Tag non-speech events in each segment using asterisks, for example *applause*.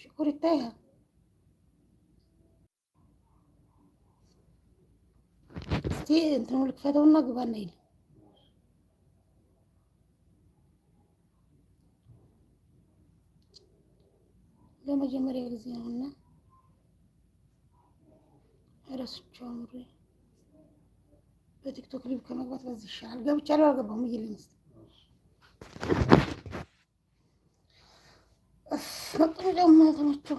ሽኩር ይታያል። እስቲ እንትኑ ልክፈተውና ግባና ይል ለመጀመሪያ ጊዜ ነውና ረስቸው ምሪ በቲክቶክ ሊብ ከመግባት በዚህ ይሻላል። ገብቻለሁ አልገባሁም እየለኝ እስኪ ደግሞ ያዘነችው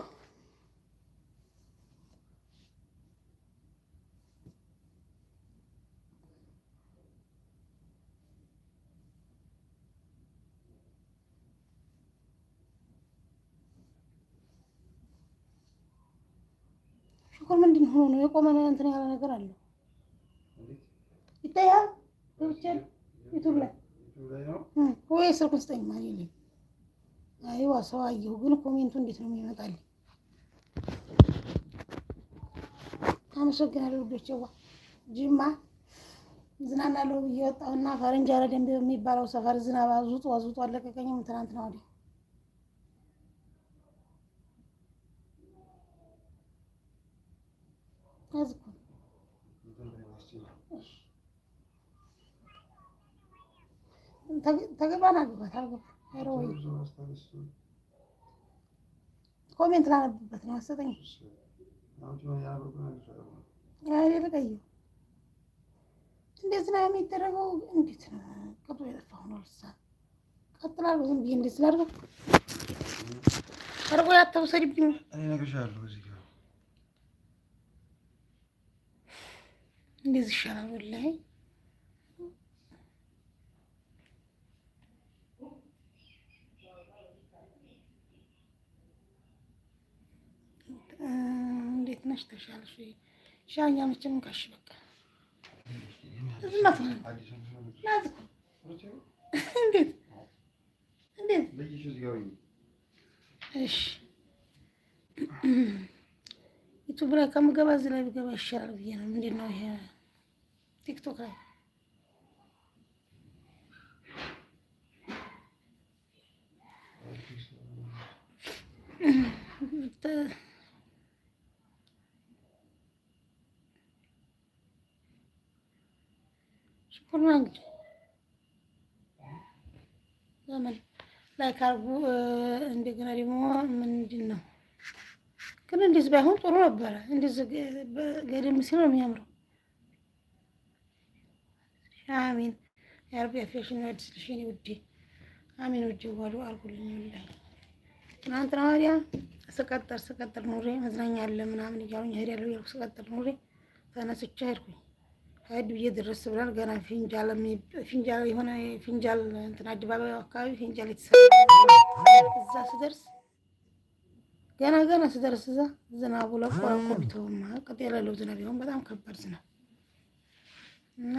ሽኩር ምንድን ሆኖ ነው የቆመ እንትን ያለ ነገር አለው ይታያል። ብቻ ዩቱብ ላይ ወይ ስልኩን ስጠኝ ማየልኝ አይዋ ሰው አየሁ፣ ግን ኮሜንቱ እንዴት ነው የሚመጣልኝ? አመሰግናለሁ ልጆቼዋ። ጅማ ዝናናለሁ ብዬ ወጣሁና ፈረንጅ አረደን የሚባለው ሰፈር ዝናብ አዙጦ አዙጦ አለቀቀኝም። ትናንት ነው ወዲህ ተገባን አግባት አግባት ኮሜንት ላነብበት ነው። አሰጠኝ ልቀይ እንዴት ነው የሚደረገው? እንዴት ነው ቅጡ የጠፋሁ ነው። ልሳ ቀጥላሉ ዝም ብዬ እንዴት ስላደረገው አርጎ ያተውሰድብኝ እነግርሻለሁ። እዚህ እንደዚህ ይሻላል ወላሂ Nasıl çalışıyor? Şu an şey, yanlış canım kaşımak. Kızım nasıl? Nazik. Dedi. *laughs* Dedi. *clears throat* Ne işiniz göreyim? Eş. İtu bırakamı gavazıyla bir gavaz şarap yanım. Dino ya. TikTok'a. *clears throat* *laughs* Mm-hmm. ሽንኩርት ነው እንግዲህ ለምን ላይ ካርጉ እንደገና ደግሞ ምንድን ነው ግን እንደዚህ ባይሆን ጥሩ ነበረ። እንደዚህ ገደም ሲል ነው የሚያምረው። አሚን የአርብ ያፊያሽን ያድስልሽን ውዴ አሚን ውዴ ዋሉ አርጉልኝ ላይ ትናንትና ወዲያ ስቀጠር ስቀጠር ኑሬ መዝናኛ አለ ምናምን እያሉኝ ሄድ ያለው ስቀጠር ኑሬ ተነስቼ ሄድኩኝ። ሀይድ ብዬ ድረስ ብለን ገና ፊንጃል ፊንጃል የሆነ ፊንጃል እንትን አደባባይ አካባቢ ፊንጃል የተሰራ እዛ ስደርስ ገና ገና ስደርስ እዛ ዝናቡ ለቆራቆቢተውማ ቅጥ የሌለው ዝናብ ቢሆን በጣም ከባድ ዝናብ እና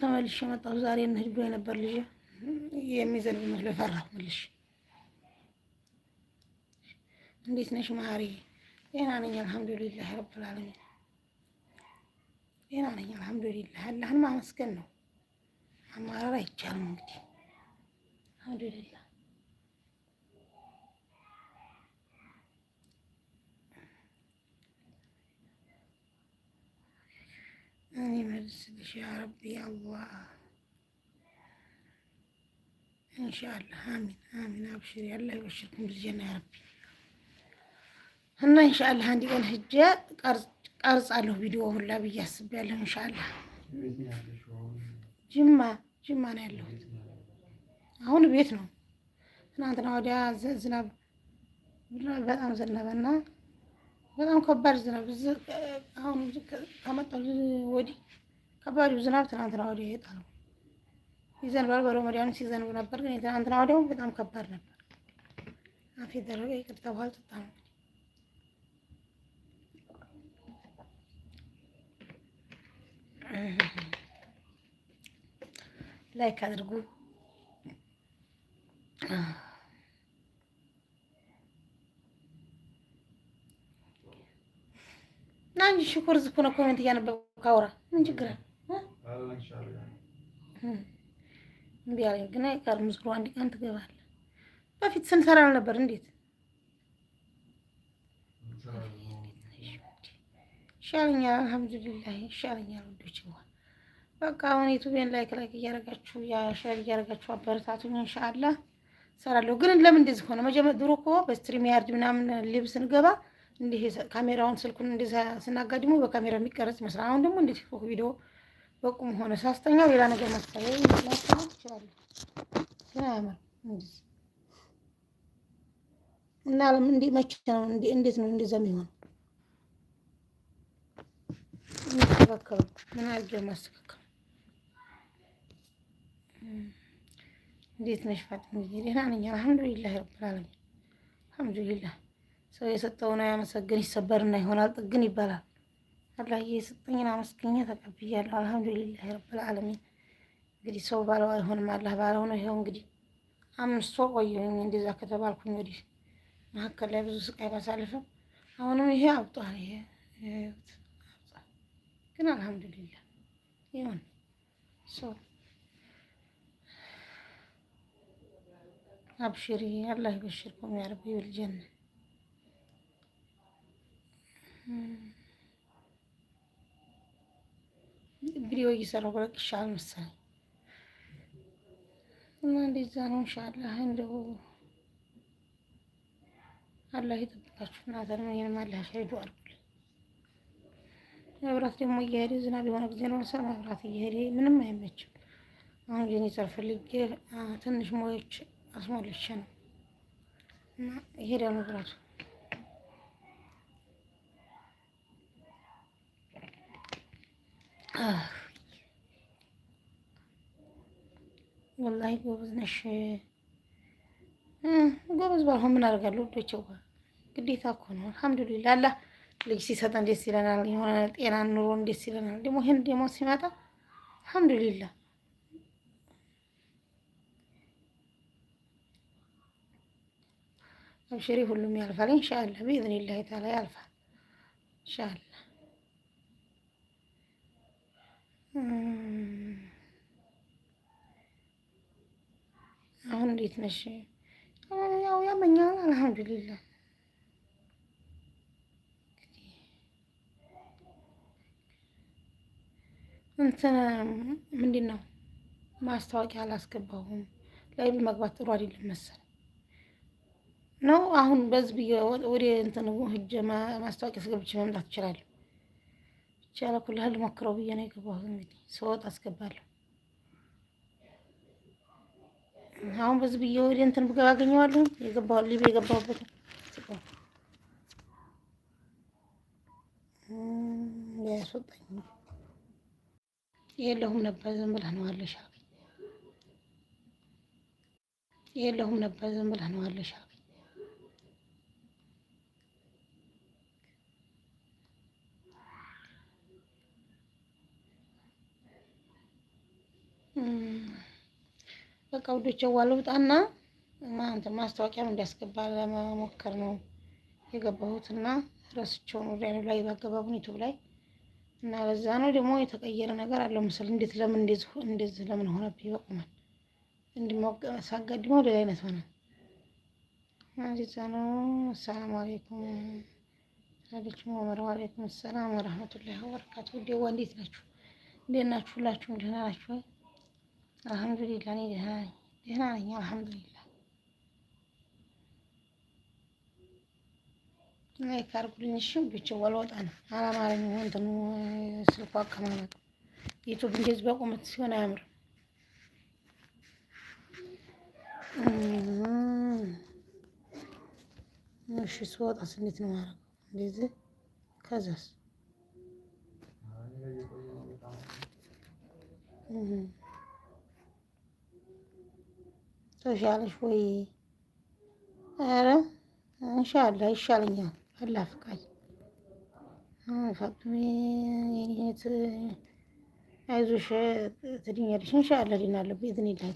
ተመልሼ መጣሁ። ዛሬ እንሂድ ብሎ የነበር ልጅ የሚዘንብ መስሎ ፈራሁ። መልሼ እንዴት ነሽ ማሪ? ጤና ነኝ አልሐምዱሊላህ ረብል ጤና ነኝ፣ አልሐምዱሊላህ። አላህን ማመስገን ነው፣ ማማረር አይቻልም። እንግዲህ አልሐምዱሊላህ እኔ መልስልሽ ያ ረቢ አላህ ኢንሻአላህ። አሚን አሚን። አብሽሪ አላህ ይበሽርኩም ብልጀና ያ ረቢ እና ኢንሻአላህ አንድ ቀን ሂጄ ቀርጽ ቀርጻለሁ ቪዲዮ ሁላ ብዬ አስቤያለሁ። እንሻላ ጅማ ጅማ ነው ያለሁት አሁን ቤት ነው። ትናንትና ወዲያ ዝናብ በጣም ዘነበና በጣም ከባድ ዝናብ አሁን ከመጣሁ ወዲህ ከባዱ ዝናብ ትናንትና ወዲያ የጣለው ይዘንባል። በሮ ወዲያውኑ ሲዘንብ ነበር፣ ግን የትናንትና ወዲያውም በጣም ከባድ ነበር። አፌ ደረቀ። ይቅርታ ጠጣ ነው። ላይክ አድርጉ። ና እንጂ ሽኩር ዝኩ ነው። ኮሜንት እያነበብኩ ካውራ ምን ችግር አለ? እምቢ አለኝ ግን አይቀርም። ዙሮ አንድ ቀን ትገባለህ። በፊት ስንሰራ ነበር እንዴት ይሻለኛል፣ አልሐምዱሊላህ ይሻለኛል። ወዶች በቃ አሁን ዩቱቤን ላይክ ላይክ እያደረጋችሁ ሼር እያደረጋችሁ አበረታቱኝ። እንሻአላ ሰራለሁ። ግን ለምን እንደዚህ ሆነ? መጀመ ድሮ እኮ በስትሪም ያርድ ምናምን ሊብ ስንገባ እንዲህ ካሜራውን ስልኩን እንዲህ ስናጋድሞ በካሜራ የሚቀረጽ ይመስላል። አሁን ደግሞ እንደ ቲክቶክ ቪዲዮ በቁም ሆነ ሳስተኛው ሌላ ነገር ማስተያየ ማስተማት ይችላለ። ግን አያምር እና ለምን እንዲ መቼ ነው እንዴት ነው እንደዛ የሚሆነው? ማስተካከሉ ምን አድርጌ ማስተካከሉ? እንዴት ነሽ ፋጥንዬ? ደህና ነኝ አልሐምዱሊላህ ረብል ዓለሚን አልሐምዱሊላህ። ሰው የሰጠውን አያመሰግን ይሰበርና ይሆናል ጥግን ይባላል። አላህ የሰጠኝን አመስግኛ ተቀብያለሁ። አልሐምዱሊላህ ረብል ዓለሚን። እንግዲህ ሰው ባለው አይሆንም አላህ ባለው ነው። ይኸው እንግዲህ አምስት ወር ቆየሁኝ እንደዛ ከተባልኩኝ ወዲህ መሀከል ላይ ብዙ ስቃይ ባሳልፍም አሁንም ይሄ አብጧል ይሄ ግን አልሐምዱሊላህ ይሁን ሶ አብሽሪ አላህ ይበሽርኩም ያ ረቢ ብልጀነ ቪዲዮ እየሰራሁ ይሻል አልመሰለኝ እና እንደዛ ነው። ኢንሻአላህ እንደው አላህ ይጠብቃችሁ። እናተንም ይንም አላህ ሸሂዱ አርጉ መብራት ደግሞ እየሄደ ዝናብ የሆነ ጊዜ ነው መብራት እየሄደ ምንም አይመችም። አሁን ጄኔሬተር ፈልጌ ትንሽ ሞዮች አስሞልቼ ነው እና ይሄዳ መብራቱ። ወላሂ ጎበዝ ነሽ። ጎበዝ ባልሆን ምን አደርጋለሁ? ዶቼዋ ግዴታ እኮ ነው። አልሐምዱሊላህ አላህ ልጅ ሲሰጠን ደስ ይለናል። የሆነ ጤና ኑሮን ደስ ይለናል። ደግሞ ይህን ደግሞ ሲመጣ አልሐምዱሊላ አብሽሪ፣ ሁሉም ያልፋል። እንሻአላ ቢኢዝኒላሂ ተዓላ ያልፋል እንሻአላ። አሁን እንዴት ነሽ? ያው ያመኛል። አልሐምዱሊላ ምንድን ነው ማስታወቂያ አላስገባሁም። ላይቭ መግባት ጥሩ አይደለም መሰል ነው። አሁን በዚህ ወደ እንትን ህጀ ማስታወቂያ አስገብቼ መምጣት እችላለሁ። ይቻለ ኩልህል ሞክረው ብዬ ነው የገባሁት። እንግዲህ ሰወጥ አስገባለሁ። አሁን በዚህ ብዬ ወደ እንትን ብገባ አገኘዋለሁ። የገባሁ ሊብ የገባሁበት ያስወጣኝ የለሁም ነበር ዝም ብለህ ነው አለሽ አሉኝ። የለሁም ነበር ዝም ብለህ ነው አለሽ አሉኝ። በቃ ውዶቼ ዋልውጣና ማንተ ማስታወቂያም እንዲያስገባ ለመሞከር ነው የገባሁትና ረስቼውን ወዲያ ላይ ባገባቡን ዩቱብ ላይ እና ለዛ ነው ደግሞ የተቀየረ ነገር አለው መሰለኝ። እንዴት ለምን እንደዚህ ለምን ሆነ በቁመን እንዲሞቅ ሳጋድመው ሌላ አይነት ሆነ። እዛ ነው። አሰላሙ አለይኩም አለይኩም ወመራው አለይኩም ሰላም ወራህመቱላሂ ወበረካቱ። ዴዋ እንዴት ናችሁ? እንዴት ናችሁ? ሁላችሁም ደህና ናችሁ? አልሐምዱሊላህ እኔ ደህና ነኝ፣ ደህና ነኝ አልሐምዱሊላህ ላይክ አድርጉልኝ። እሺ ውዶቼ ወልወጣ ነው አላማረኝ ሆን እንትኑ ስልኩ አቀማመጡ ዩቱብ እንደዚህ በቁመት ሲሆን አያምርም። እሺ ስወጣስ እንዴት ነው ማረግ? እንደዚህ ከዛስ ተሻለሽ ወይ? ኧረ እንሻላ ይሻለኛል አላህ ፈቃድ ፋጡሜ አይዞሽ ትድኛለሽ ኢንሻአላህ ልናለሁ በኢዝኒ ላይ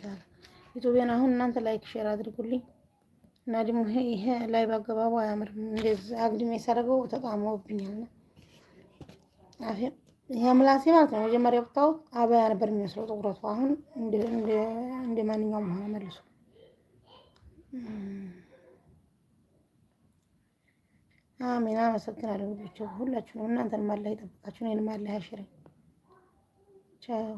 ኢትዮጵያን አሁን እናንተ ላይክ ሼር አድርጉልኝ እና ደግሞ ይሄ ላይ ባገባቡ አያምርም። እንደዚህ አግድሜ ሳደርገው ተጣመውብኛልና አፌ ይሄ ምላሴ ማለት ነው። መጀመሪያ ብታዩት አበያ ነበር የሚመስለው ጥቁረቱ። አሁን እንደ ማንኛውም ሆነ መልሶ አሜን። አመሰግናለሁ። ሁላችሁንም እናንተንም አላህ ይጠብቃችሁ፣ እኔንም አላህ ያሽረኝ። ቻው